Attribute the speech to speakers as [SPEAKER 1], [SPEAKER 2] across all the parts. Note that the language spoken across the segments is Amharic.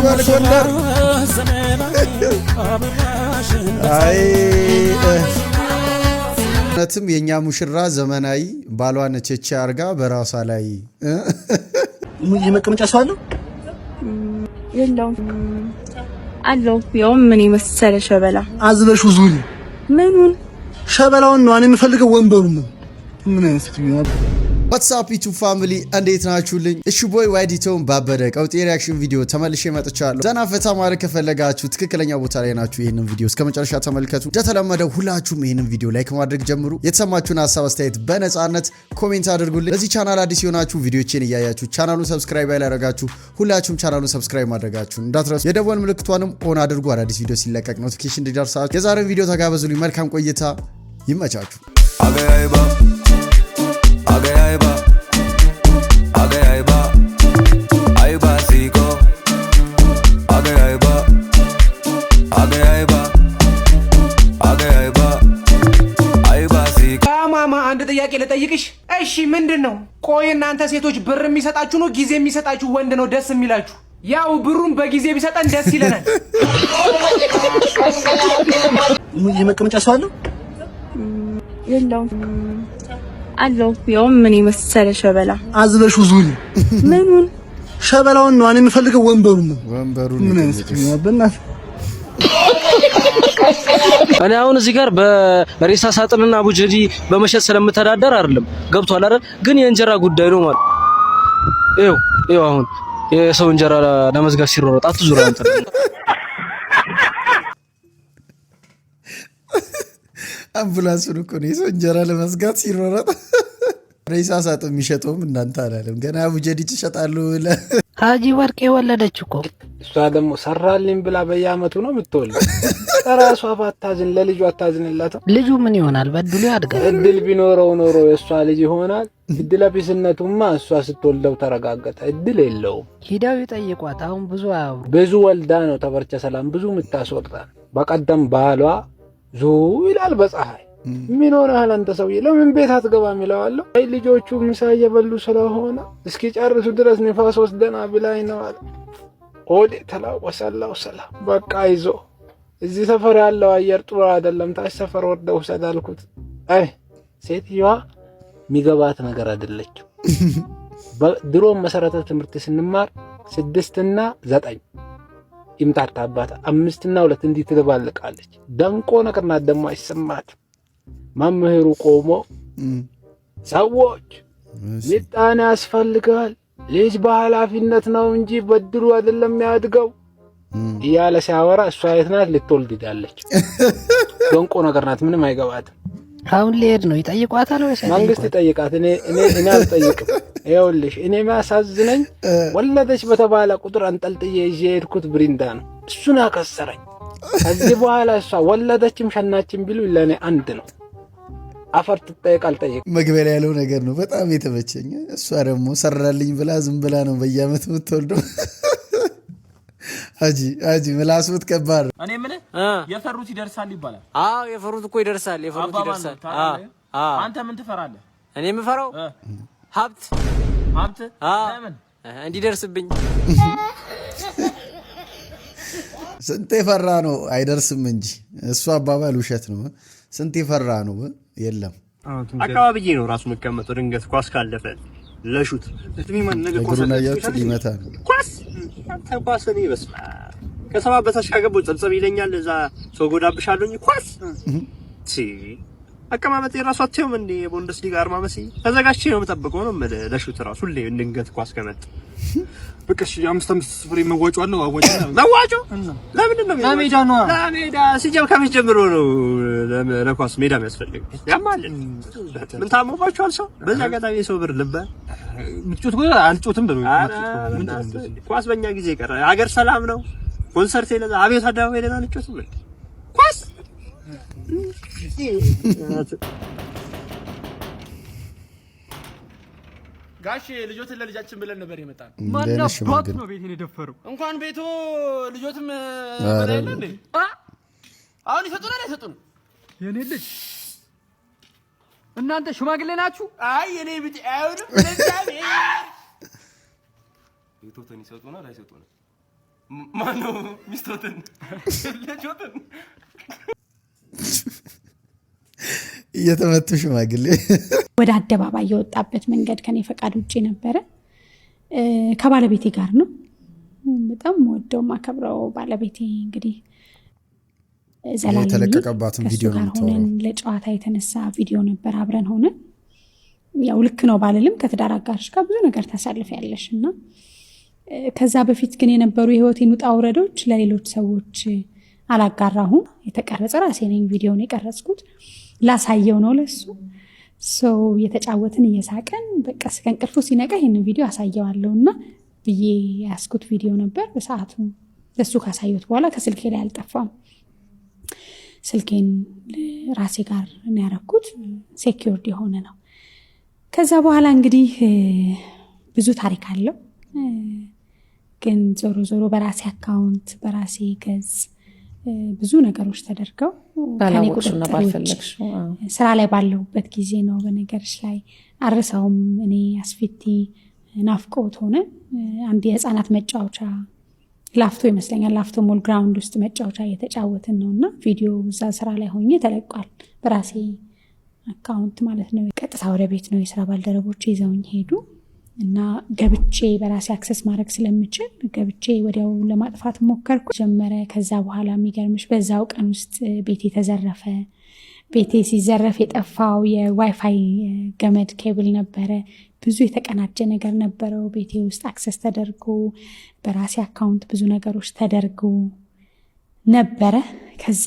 [SPEAKER 1] ይበል ጎንደር። አይ እውነትም የእኛ ሙሽራ ዘመናዊ ባሏን ቼቼ አርጋ በራሷ ላይ
[SPEAKER 2] የመቀመጫ ሰው አለው
[SPEAKER 3] የለውም? አለው ያውም ምን የመሰለ ሸበላ
[SPEAKER 2] አዝለሽ ዙሪ። ምኑን ሸበላውን ነው እኔ የምፈልገው ወንበሩን። ምን አይነት
[SPEAKER 1] ዩቱብ ፋሚሊ እንዴት ናችሁልኝ? እሺ ቦይ ዋይዲቶን ባበደ ቀውጤ ሪያክሽን ቪዲዮ ተመልሼ መጥቻለሁ። ዘና ፈታ ማለት ከፈለጋችሁ ትክክለኛ ቦታ ላይ ናችሁ። ይህንን ቪዲዮ እስከ መጨረሻ ተመልከቱ። እንደተለመደው ሁላችሁም ይህንን ቪዲዮ ላይክ ማድረግ ጀምሩ። የተሰማችሁን ሀሳብ አስተያየት በነፃነት ኮሜንት አድርጉልኝ። ለዚህ ቻናል አዲስ የሆናችሁ ቪዲዮችን እያያችሁ ቻናሉን ሰብስክራይብ ያላደረጋችሁ ሁላችሁም ቻናሉን ሰብስክራይብ ማድረጋችሁን እንዳትረሱ። የደወል ምልክቷንም ኦን አድርጉ፣ አዳዲስ ቪዲዮ ሲለቀቅ ኖቲፊኬሽን እንዲደርሳችሁ። የዛሬን ቪዲዮ ተጋበዙልኝ። መልካም ቆይታ፣ ይመቻችሁ። básico.
[SPEAKER 2] A que ahí va, a que ahí va, a que ahí va, ahí básico. ማማ አንድ ጥያቄ ልጠይቅሽ። እሺ ምንድን ነው? ቆይ እናንተ ሴቶች ብር የሚሰጣችሁ ነው ጊዜ የሚሰጣችሁ ወንድ ነው ደስ የሚላችሁ? ያው ብሩን በጊዜ ቢሰጠን ደስ ይለናል። የመቀመጫ ሰው አለው
[SPEAKER 3] የለውም? አለው። ያውም ምን የመሰለ ሸበላ
[SPEAKER 2] አዝበሹ ዙል ምኑን ሸበላውን ነው እኔ የምፈልገው፣ ወንበሩን ነው ወንበሩን ምን እኔ አሁን እዚህ ጋር በሬሳ ሳጥንና አቡጀዲ በመሸጥ ስለምተዳደር አይደለም። ገብቷል አይደል? ግን የእንጀራ ጉዳይ ነው ማለት ይኸው ይኸው አሁን የሰው እንጀራ ለመዝጋት ሲሮረጥ አትዙር አንተ።
[SPEAKER 1] አምቡላንሱን እኮ ነው የሰው እንጀራ ለመዝጋት ሲሮረጥ ሬሳ ሳጥ የሚሸጠውም እናንተ አላለም። ገና ቡጀዲጭ ይሸጣሉ።
[SPEAKER 3] ሀጂ ወርቅ የወለደች እኮ
[SPEAKER 1] እሷ ደግሞ ሰራልኝ ብላ በየአመቱ ነው የምትወል። ራሷ ባታዝን ለልጁ አታዝንላትም።
[SPEAKER 3] ልጁ ምን ይሆናል? በድሉ ያድጋል።
[SPEAKER 1] እድል ቢኖረው ኖሮ የእሷ ልጅ ይሆናል። እድለቢስነቱማ እሷ ስትወልደው ተረጋገጠ። እድል የለውም።
[SPEAKER 3] ሂደው ይጠይቋት። አሁን ብዙ አያውሩ።
[SPEAKER 1] ብዙ ወልዳ ነው ተበርቸ ሰላም ብዙ የምታስወርጣል። በቀደም ባሏ ዙ ይላል በፀሐይ ምን ሆነሃል አንተ ሰውዬ ለምን ቤት አትገባም? ይለዋለሁ። አይ ልጆቹ ምሳ እየበሉ ስለሆነ እስኪ ጨርሱ ድረስ ንፋስ ወስደና ብላኝ ነው አለ። ሆዴ ተላወሰላው ሰላ በቃ ይዞ እዚህ ሰፈር ያለው አየር ጥሩ አይደለም፣ ታች ሰፈር ወርደህ ውሰድ አልኩት። አይ ሴትዮዋ የሚገባት ነገር አይደለችም። ድሮም መሰረተ ትምህርት ስንማር ስድስትና ዘጠኝ ይምታታባት አምስትና ሁለት እንዲህ ትደባልቃለች። ደንቆ ነቅናት ደግሞ አይሰማትም። መምህሩ ቆሞ ሰዎች ምጣኔ ያስፈልገዋል ልጅ በኃላፊነት ነው እንጂ በድሉ አይደለም ያድገው እያለ ሲያወራ እሷ የት ናት? ልትወልድ ሄዳለች። ደንቆ ነገር ናት፣ ምንም አይገባትም።
[SPEAKER 3] አሁን ሊሄድ ነው። ይጠይቋታል ወይ
[SPEAKER 1] መንግስት ይጠይቃት? እኔ እኔ አልጠይቅም። ይኸውልሽ እኔ የሚያሳዝነኝ ወለደች በተባለ ቁጥር አንጠልጥዬ ይዤ የሄድኩት ብሪንዳ ነው። እሱን አከሰረኝ። ከዚህ በኋላ እሷ ወለደችም ሸናችን ቢሉ ለእኔ አንድ ነው። አፈር ትጠየቅ አልጠየቅ መግቢያ ላይ ያለው ነገር ነው በጣም የተመቸኝ። እሷ ደግሞ ሰራልኝ ብላ ዝም ብላ ነው በየአመት የምትወልደው። አጂ አጂ ምላስ ከባድ
[SPEAKER 2] እኔ ምን የፈሩት ይደርሳል ይባላል።
[SPEAKER 1] አዎ የፈሩት እኮ ይደርሳል፣ የፈሩት ይደርሳል።
[SPEAKER 2] አንተ ምን ትፈራለህ?
[SPEAKER 1] እኔ የምፈራው ሀብት ሀብት ለምን እንዲደርስብኝ ስንት የፈራ ነው አይደርስም እንጂ እሱ አባባል ውሸት ነው። ስንት የፈራ ነው የለም
[SPEAKER 2] አካባቢ ነው ራሱ መቀመጠው። ድንገት ኳስ ካለፈ ለሹት ሊመታ ነው ኳስ ኳስ በስመ አብ ከሰባ በታች ካገባው ጸብጸብ ይለኛል። እዛ ሰው ጎዳብሻለኝ ኳስ አቀማመጥ የራሱ አትየውም እንዴ? የቡንደስሊጋ አርማ መስዬ ተዘጋጅቼ ነው የምጠብቀው ነው የምልህ። ለሹት ራሱ ሁሌ ድንገት ኳስ ከመጥ በቃ እሺ፣ አምስት አምስት ፍሬ መዋጮ አለው። አዋጮ መዋጮ ለምንድን ነው? ለሜዳ ነው ለሜዳ ሲጀም ከምን ጀምሮ ነው ለኳስ ሜዳ የሚያስፈልግ? ያማል ምን ታሞባችኋል? ሰው በዛ አጋጣሚ የሰው ብር ልበ
[SPEAKER 1] ምትጮት ጎ አልጮትም ብሎ
[SPEAKER 2] ኳስ በእኛ ጊዜ ቀረ። አገር ሰላም ነው። ኮንሰርት ይለዛ አቤት አደባባይ ይለዛ አልጮትም ኳስ ጋሽ ልጆትን ለልጃችን ብለን ነበር የመጣን።
[SPEAKER 1] ማናባት
[SPEAKER 2] ነው ቤቴን የደፈረው? እንኳን ቤቶ ልጆትም አሁን ይሰጡናል አይሰጡን?
[SPEAKER 1] የኔ ልጅ እናንተ ሽማግሌ ናችሁ።
[SPEAKER 2] አይ የኔ ቢጤ አይሆንም። ቤቶትን ይሰጡናል አይሰጡንም? ማነው ሚስቶትን ልጆትን
[SPEAKER 1] እየተመቱ ሽማግሌ
[SPEAKER 3] ወደ አደባባይ የወጣበት መንገድ ከኔ ፈቃድ ውጭ ነበረ። ከባለቤቴ ጋር ነው። በጣም ወደው ማከብረው ባለቤቴ እንግዲህ
[SPEAKER 1] ዘላለተለቀቀባትን ቪዲዮ ሆነን
[SPEAKER 3] ለጨዋታ የተነሳ ቪዲዮ ነበር። አብረን ሆነን ያው ልክ ነው ባልልም ከትዳር አጋርሽ ጋር ብዙ ነገር ታሳልፍ ያለሽ እና ከዛ በፊት ግን የነበሩ የህይወቴን ውጣ ውረዶች ለሌሎች ሰዎች አላጋራሁም። የተቀረጸ ራሴ ነኝ ቪዲዮን የቀረጽኩት ላሳየው ነው ለሱ ሰው እየተጫወትን እየሳቀን በቃ እስከ እንቅልፉ ሲነቃ ይህንን ቪዲዮ አሳየዋለሁ እና ብዬ ያስኩት ቪዲዮ ነበር። በሰዓቱ ለሱ ካሳየት በኋላ ከስልኬ ላይ አልጠፋም። ስልኬን ራሴ ጋር ያረኩት ሴኪርድ የሆነ ነው። ከዛ በኋላ እንግዲህ ብዙ ታሪክ አለው፣ ግን ዞሮ ዞሮ በራሴ አካውንት በራሴ ገጽ ብዙ ነገሮች ተደርገው ስራ ላይ ባለሁበት ጊዜ ነው። በነገርሽ ላይ አርሰውም እኔ አስፌቲ ናፍቆት ሆነ አንድ የህፃናት መጫወቻ ላፍቶ ይመስለኛል ላፍቶ ሞል ግራውንድ ውስጥ መጫወቻ እየተጫወትን ነው እና ቪዲዮ እዛ ስራ ላይ ሆኜ ተለቋል። በራሴ አካውንት ማለት ነው። ቀጥታ ወደ ቤት ነው የስራ ባልደረቦች ይዘውኝ ሄዱ። እና ገብቼ በራሴ አክሰስ ማድረግ ስለምችል ገብቼ ወዲያው ለማጥፋት ሞከርኩ ጀመረ። ከዛ በኋላ የሚገርምሽ በዛው ቀን ውስጥ ቤቴ ተዘረፈ። ቤቴ ሲዘረፍ የጠፋው የዋይፋይ ገመድ ኬብል ነበረ። ብዙ የተቀናጀ ነገር ነበረው ቤቴ ውስጥ አክሰስ ተደርጎ በራሴ አካውንት ብዙ ነገሮች ተደርጎ ነበረ። ከዛ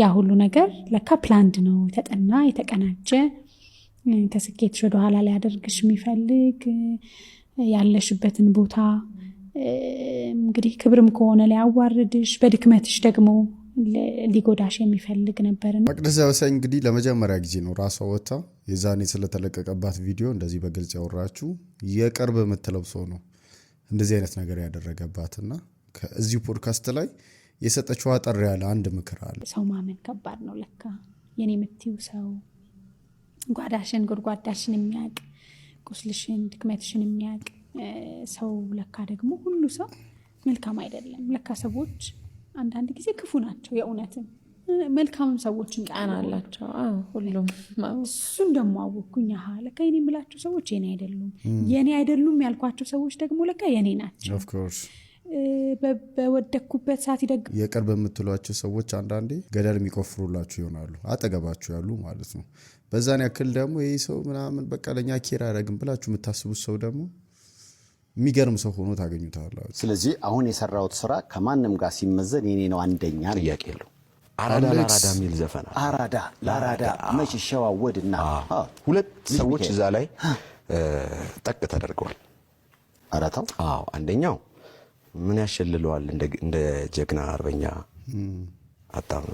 [SPEAKER 3] ያ ሁሉ ነገር ለካ ፕላንድ ነው፣ የተጠና የተቀናጀ ከስኬትሽ ወደኋላ ሊያደርግሽ የሚፈልግ ያለሽበትን ቦታ እንግዲህ ክብርም ከሆነ ሊያዋርድሽ፣ በድክመትሽ ደግሞ ሊጎዳሽ የሚፈልግ ነበር።
[SPEAKER 1] መቅደስ ዳበሳ እንግዲህ ለመጀመሪያ ጊዜ ነው ራሷ ወጥታ የዛኔ ስለተለቀቀባት ቪዲዮ እንደዚህ በግልጽ ያወራችሁ የቅርብ የምትለብሰው ነው እንደዚህ አይነት ነገር ያደረገባትና ከዚህ ፖድካስት ላይ የሰጠችው አጠር ያለ አንድ ምክር አለ።
[SPEAKER 3] ሰው ማመን ከባድ ነው ለካ የኔ የምትይው ሰው ጓዳሽን ጎድጓዳሽን የሚያውቅ ቁስልሽን፣ ድክመትሽን የሚያውቅ ሰው ለካ ደግሞ ሁሉ ሰው መልካም አይደለም። ለካ ሰዎች አንዳንድ ጊዜ ክፉ ናቸው። የእውነትም መልካምም ሰዎች እንቀናላቸው ሁሉም። እሱን ደግሞ ሀ ለካ የኔ የምላቸው ሰዎች የኔ አይደሉም፣ የኔ አይደሉም ያልኳቸው ሰዎች ደግሞ ለካ የኔ ናቸው። በወደኩበት ሰዓት ይደግ
[SPEAKER 1] የቅርብ የምትሏቸው ሰዎች አንዳንዴ ገደል የሚቆፍሩላችሁ ይሆናሉ፣ አጠገባችሁ ያሉ ማለት ነው። በዛን ያክል ደግሞ ይህ ሰው ምናምን በቃ ለእኛ ኬር አያደርግም ብላችሁ የምታስቡት ሰው ደግሞ የሚገርም ሰው ሆኖ ታገኙታላችሁ።
[SPEAKER 2] ስለዚህ አሁን የሰራሁት ስራ ከማንም ጋር ሲመዘን የኔ ነው። አንደኛ
[SPEAKER 1] ጥያቄ የለው። አራዳ ለአራዳ የሚል ዘፈን
[SPEAKER 2] አራዳ ለአራዳ መች ይሸዋወድና
[SPEAKER 1] ሁለት ሰዎች እዛ ላይ ጠቅ ተደርገዋል። አራታው አንደኛው ምን ያሸልለዋል? እንደ ጀግና አርበኛ አጣም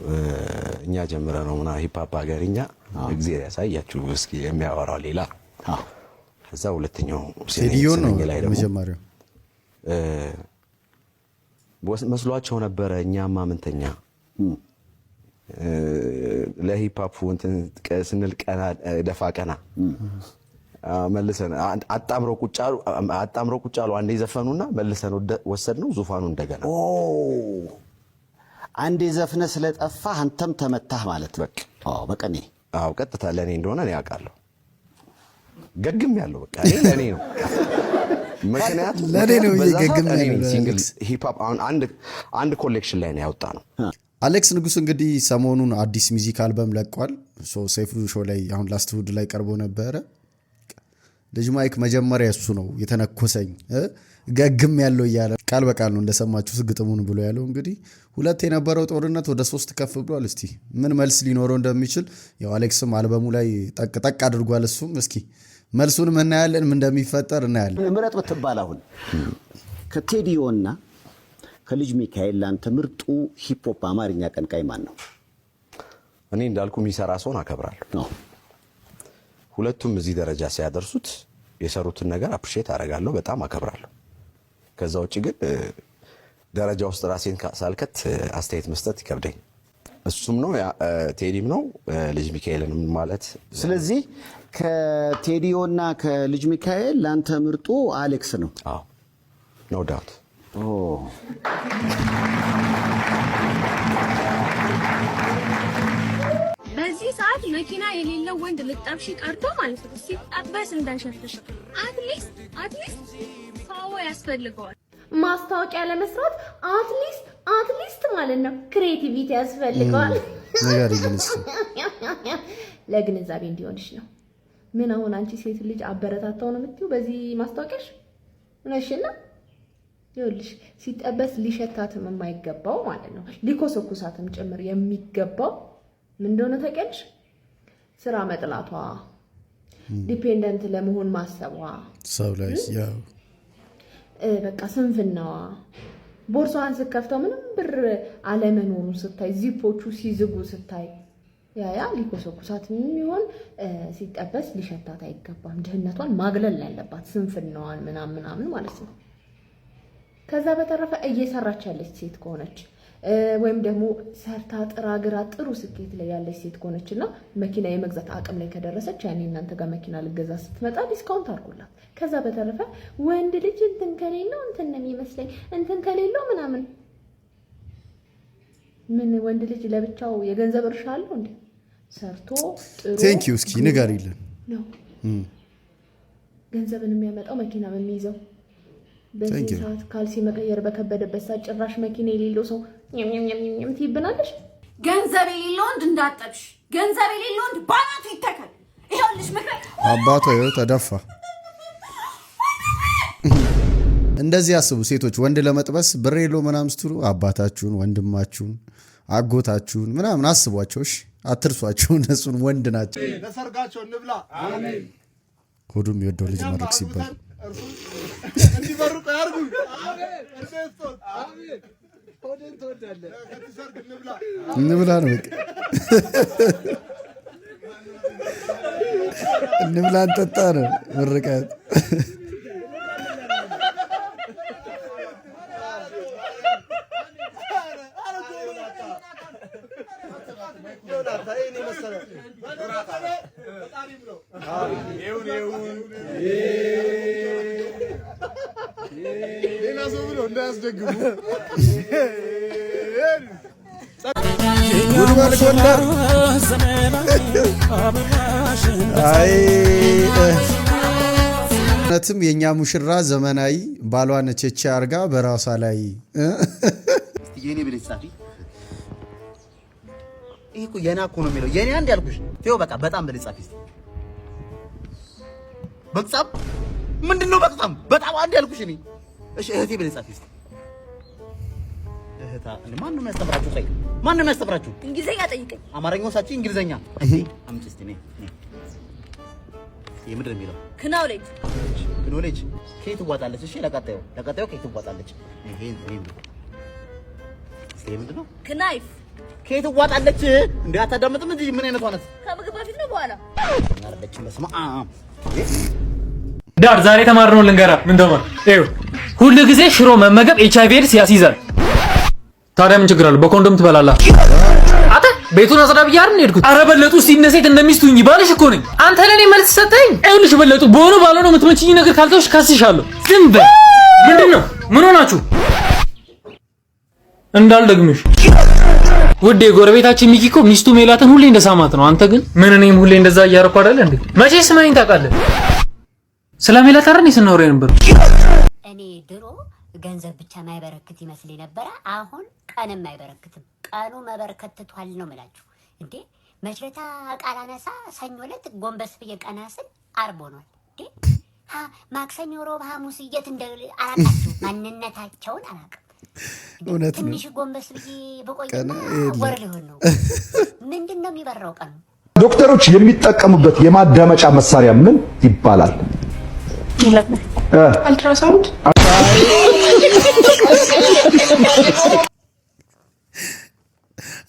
[SPEAKER 1] እኛ ጀምረ ነው ምና ሂፓፕ ሀገርኛ እግዚአብሔር ያሳያችሁ። እስኪ የሚያወራው ሌላ እዛ ሁለተኛው ሴዲዮ ነው ላይ ደግሞ መጀመሪያው መስሏቸው ነበረ። እኛ ማምንተኛ ለሂፓፕ እንትን ስንል ቀና ደፋ ቀና መልሰን አጣምረው ቁጭ አሉ። አጣምረው ቁጭ አሉ። አንዴ ዘፈኑና መልሰን ወሰድ ነው ዙፋኑ እንደገና።
[SPEAKER 2] አንዴ ዘፍነ ስለጠፋ አንተም ተመታህ ማለት ነው። አዎ በቀኔ
[SPEAKER 1] አዎ፣ ቀጥታ ለእኔ እንደሆነ እኔ አውቃለሁ። ገግም ያለው በቃ እኔ ለእኔ ነው። ምክንያቱም
[SPEAKER 2] ለእኔ ነው ገግም ያለው። ሲንግል
[SPEAKER 1] ሂፕ አንድ አንድ ኮሌክሽን ላይ ነው ያወጣ ነው። አሌክስ ንጉስ እንግዲህ ሰሞኑን አዲስ ሚዚክ አልበም ለቋል። ሶ ሾ ላይ አሁን ላስት እሑድ ላይ ቀርቦ ነበረ ልጅ ማይክ መጀመሪያ እሱ ነው የተነኮሰኝ ገግም ያለው እያለ ቃል በቃል ነው እንደሰማችሁት ግጥሙን ብሎ ያለው። እንግዲህ ሁለት የነበረው ጦርነት ወደ ሶስት ከፍ ብሏል። እስቲ ምን መልስ ሊኖረው እንደሚችል ያው አሌክስም አልበሙ ላይ ጠቅጠቅ አድርጓል። እሱም እስኪ መልሱንም እናያለን፣ ምን እንደሚፈጠር እናያለን።
[SPEAKER 2] ምረጥ ብትባል አሁን ከቴዲዮና ከልጅ ሚካኤል ላንተ ምርጡ ሂፖፕ አማርኛ ቀንቃይ ማን ነው?
[SPEAKER 1] እኔ እንዳልኩ የሚሰራ ሰውን አከብራለሁ። ሁለቱም እዚህ ደረጃ ሲያደርሱት የሰሩትን ነገር አፕሪሼት አደርጋለሁ፣ በጣም አከብራለሁ። ከዛ ውጭ ግን ደረጃ ውስጥ ራሴን ሳልከት አስተያየት መስጠት ይከብደኝ። እሱም ነው ቴዲም ነው ልጅ ሚካኤልንም ማለት።
[SPEAKER 2] ስለዚህ ከቴዲዮና ከልጅ ሚካኤል ለአንተ ምርጡ አሌክስ ነው። አዎ
[SPEAKER 1] ኖ ዳውት።
[SPEAKER 3] ሰዓት መኪና የሌለው ወንድ ልጠብሽ ቀርቶ ማለት ነው ሲጠበስ እንዳይሸፍሽ አትሊስት አትሊስት ሳዎ ያስፈልገዋል። ማስታወቂያ ለመስራት አትሊስት አትሊስት ማለት ነው ክሬቲቪቲ ያስፈልገዋል። ለግንዛቤ እንዲሆንሽ ነው። ምን አሁን አንቺ ሴት ልጅ አበረታታው ነው የምትይው በዚህ ማስታወቂያሽ ነሽና ይኸውልሽ ሲጠበስ ሊሸታትም የማይገባው ማለት ነው ሊኮሰኩሳትም ጭምር የሚገባው ምን እንደሆነ ታውቂያለሽ? ስራ መጥላቷ፣ ዲፔንደንት ለመሆን ማሰቧ፣ ሰው ላይ በቃ ስንፍናዋ፣ ቦርሳዋን ስከፍተው ምንም ብር አለመኖሩ ስታይ፣ ዚፖቹ ሲዝጉ ስታይ ያያ ሊኮሰኩሳት የሚሆን ሲጠበስ ሊሸታት አይገባም። ድህነቷን ማግለል ያለባት ስንፍናዋን ምናምን ምናምን ማለት ነው። ከዛ በተረፈ እየሰራች ያለች ሴት ከሆነች ወይም ደግሞ ሰርታ ጥራ ግራ ጥሩ ስኬት ላይ ያለች ሴት ከሆነች እና መኪና የመግዛት አቅም ላይ ከደረሰች ያኔ እናንተ ጋር መኪና ልገዛ ስትመጣ ዲስካውንት አድርጉላት። ከዛ በተረፈ ወንድ ልጅ እንትን ከሌለው እንትን ነው የሚመስለኝ እንትን ከሌለው ምናምን ምን ወንድ ልጅ ለብቻው የገንዘብ እርሻ አለው እንዴ? ሰርቶ
[SPEAKER 1] ቴንክ እስኪ ንገሪልን ነው
[SPEAKER 3] ገንዘብን የሚያመጣው መኪና የሚይዘው በዚህ ሰዓት ካልሲ መቀየር በከበደበት ሰዓት ጭራሽ መኪና የሌለው ሰው ም ትይብናለሽ። ገንዘብ ወንድ እንዳጠብሽ፣ ገንዘብ ወንድ ባናቱ ይኸውልሽ ምክረ
[SPEAKER 1] አባቷ ተደፋ። እንደዚህ አስቡ ሴቶች፣ ወንድ ለመጥበስ ብር የለው ምናምን ስትሉ አባታችሁን፣ ወንድማችሁን፣ አጎታችሁን ምናምን አስቧቸው እሺ። አትርሷቸው፣ እነሱን ወንድ ናቸው።
[SPEAKER 2] ለሰርጋቸው እንብላ
[SPEAKER 1] ሆዱም የወደው ልጅ መረቅ ሲባል እንብላ ነው በቃ እንብላ እንጠጣ ነው ምርቃት።
[SPEAKER 2] ይሁን ይሁን ሌላ ሰው ብሎ እንዳያስደግሙ
[SPEAKER 1] እውነትም የእኛ ሙሽራ ዘመናዊ ባሏ ቼቼ አርጋ በራሷ ላይ
[SPEAKER 2] የኔ እኮ ነው የሚለው የኔ አንድ ያልኩሽ በቃ በጣም ምንድን ነው? በጣም በጣም አንድ ያልኩሽ እኔ እሺ፣ እህቴ በነጻት ይስጥ እህታ ማን ነው የሚያስተምራችሁ? ሳይ ማን ነው የሚያስተምራችሁ?
[SPEAKER 3] እንግሊዘኛ ጠይቀኝ።
[SPEAKER 2] አማርኛው ሳቺ እንግሊዘኛ እሄ አምጪ እስቲ ነይ የምድር የሚለው ክኖሌጅ ክኖሌጅ ከየት ትዋጣለች? እሺ ለቀጣዩ ለቀጣዩ ከየት ትዋጣለች? ይሄ ይሄ ምንድን ነው? ክናይፍ ከየት ትዋጣለች? እንዴ አታዳምጥም? ምን አይነቷ ናት?
[SPEAKER 3] ከምግብ በፊት ነው በኋላ አረደች። በስመ አብ
[SPEAKER 2] ዳር ዛሬ ተማርነው ልንገራ ምን ተማር እዩ ሁሉ ጊዜ ሽሮ መመገብ ኤች አይቪ ኤድስ ያስይዛል። ታዲያ ምን ችግር አለው? በኮንዶም ትበላላ። አታ ቤቱን አጽዳ ብዬ አይደል ሄድኩት። አረ በለጡ እስቲ እነ እንደሚስቱኝ ባልሽ እኮ ነኝ። አንተ ለኔ መልስ ሰጠኝ። ይኸውልሽ በለጡ በሆነ ነው የምትመችኝ ነገር ካልተውሽ ከስሻለሁ። ዝም በል። ምንድን ነው ምን ሆናችሁ? እንዳልደግምሽ ውድ የጎረቤታችን ሚኪ እኮ ሚስቱ ሜላትን ሁሌ እንደሳማት ነው። አንተ ግን ምን እኔም ሁሌ እንደዛ እያረኩ አይደል እንዴ? መቼ ስማኝ ታውቃለህ ስለ ሜላት አረን ስናወራ ነበር።
[SPEAKER 3] እኔ ድሮ ገንዘብ ብቻ ማይበረክት ይመስል ነበረ። አሁን ቀንም አይበረክትም። ቀኑ መበረከትቷል ነው ምላችሁ እንዴ መችለታ ቃል አነሳ ሰኞ ዕለት ጎንበስ ብዬ ቀና ስል ዓርብ ሆኗል። እንዴ ማክሰኞ፣ ሮብ፣ ሐሙስ የት እንደ አላቃቸው ማንነታቸውን አላቅም። ትንሽ ጎንበስ ብዬ በቆይና ወር ሊሆን ነው። ምንድን ነው የሚበራው ቀኑ?
[SPEAKER 1] ዶክተሮች የሚጠቀሙበት የማዳመጫ መሳሪያ ምን ይባላል?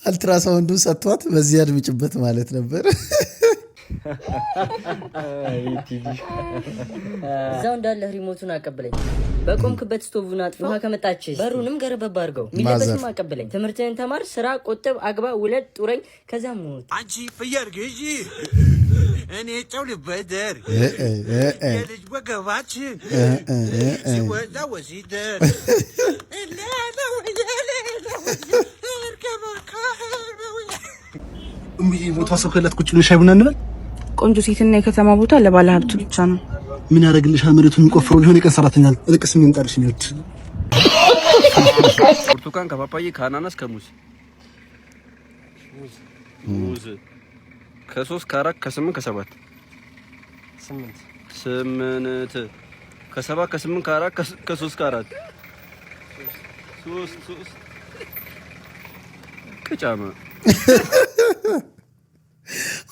[SPEAKER 1] አልትራሳውንዱ ሰጥቷት በዚህ አድምጭበት ማለት ነበር።
[SPEAKER 3] እዛው እንዳለ ሪሞቱን አቀብለኝ። በቆምክበት ስቶቭን አጥፎ ውሃ ከመጣች በሩንም ገረበብ አድርገው። ሚለበትም አቀብለኝ። ትምህርትህን ተማር፣ ስራ፣ ቆጥብ፣ አግባ፣ ውለድ፣ ጡረኝ፣ ከዛ ሞት።
[SPEAKER 2] አንቺ ፍየር ግዢ እኔ ጨው ልበደር የልጅ ወገባች ሲወዛ ወሲደር ቦታ ሰው ከላት ቁጭ ብለሽ ሻይ ቡና እንላል።
[SPEAKER 3] ቆንጆ ሴትና የከተማ ቦታ ለባለ ሀብት ብቻ ነው።
[SPEAKER 2] ምን ያደርግልሻል? መሬቱን የሚቆፍረው ሊሆን የቀን ሰራተኛል እልቅስ የሚምጣልሽ ሚወድ ብርቱካን ከፓፓዬ ከአናናስ ከሙዝ ከሶስት ከአራት ከስምንት ከሰባት ስምንት ስምንት ከሰባት ከስምንት ከአራት ከሶስት ከአራት ሶስት ሶስት ቅጫማ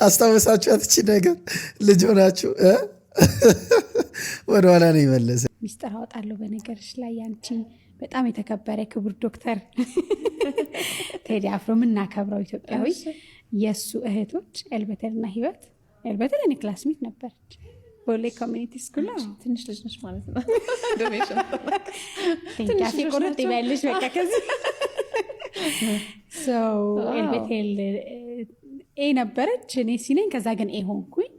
[SPEAKER 1] አስታወሳችሁ አትች ነገር ልጅ ሆናችሁ ወደኋላ ነው የመለሰ።
[SPEAKER 3] ሚስጥር አወጣለሁ። በነገርሽ ላይ ያንቺ በጣም የተከበረ ክቡር ዶክተር ቴዲ አፍሮ የምናከብረው ኢትዮጵያዊ የእሱ እህቶች ኤልበተርና ህይወት ኤልበተር እኔ ክላስሜት ነበረች። ቦሌ ኮሚኒቲ ስኩል ትንሽ ልጅ ነች ማለት ነው። ቁርጥ ይበልሽ በቃ ከዚ ኤልቤቴል ኤ ነበረች። እኔ ሲነኝ ከዛ ግን ኤ ሆንኩኝ።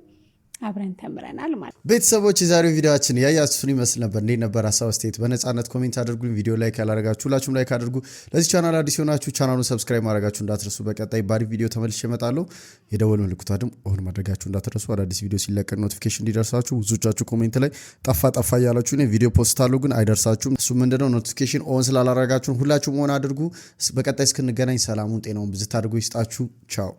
[SPEAKER 3] አብረን ተምረናል ማለት ነው።
[SPEAKER 1] ቤተሰቦች የዛሬው ቪዲዮችን ያያችሁን ይመስል ነበር። እንዴት ነበር? ሀሳብ አስተያየት በነፃነት ኮሜንት አድርጉኝ። ቪዲዮ ላይክ ያላረጋችሁ ሁላችሁም ላይክ አድርጉ። ለዚህ ቻናል አዲስ የሆናችሁ ቻናሉን ሰብስክራይብ ማድረጋችሁ እንዳትረሱ። በቀጣይ ባሪፍ ቪዲዮ ተመልሼ እመጣለሁ። የደወል ምልክቷ ድም ኦን ማድረጋችሁ እንዳትረሱ። አዳዲስ ቪዲዮ ሲለቀቅ ኖቲፊኬሽን እንዲደርሳችሁ። ብዙዎቻችሁ ኮሜንት ላይ ጠፋ ጠፋ እያላችሁ ቪዲዮ ፖስት አሉ ግን አይደርሳችሁም። እሱ ምንድነው ኖቲፊኬሽን ኦን ስላላረጋችሁን ሁላችሁም ሆን አድርጉ። በቀጣይ እስክንገናኝ ሰላሙን ጤናውን ብዝት አድርጎ ይስጣችሁ። ቻው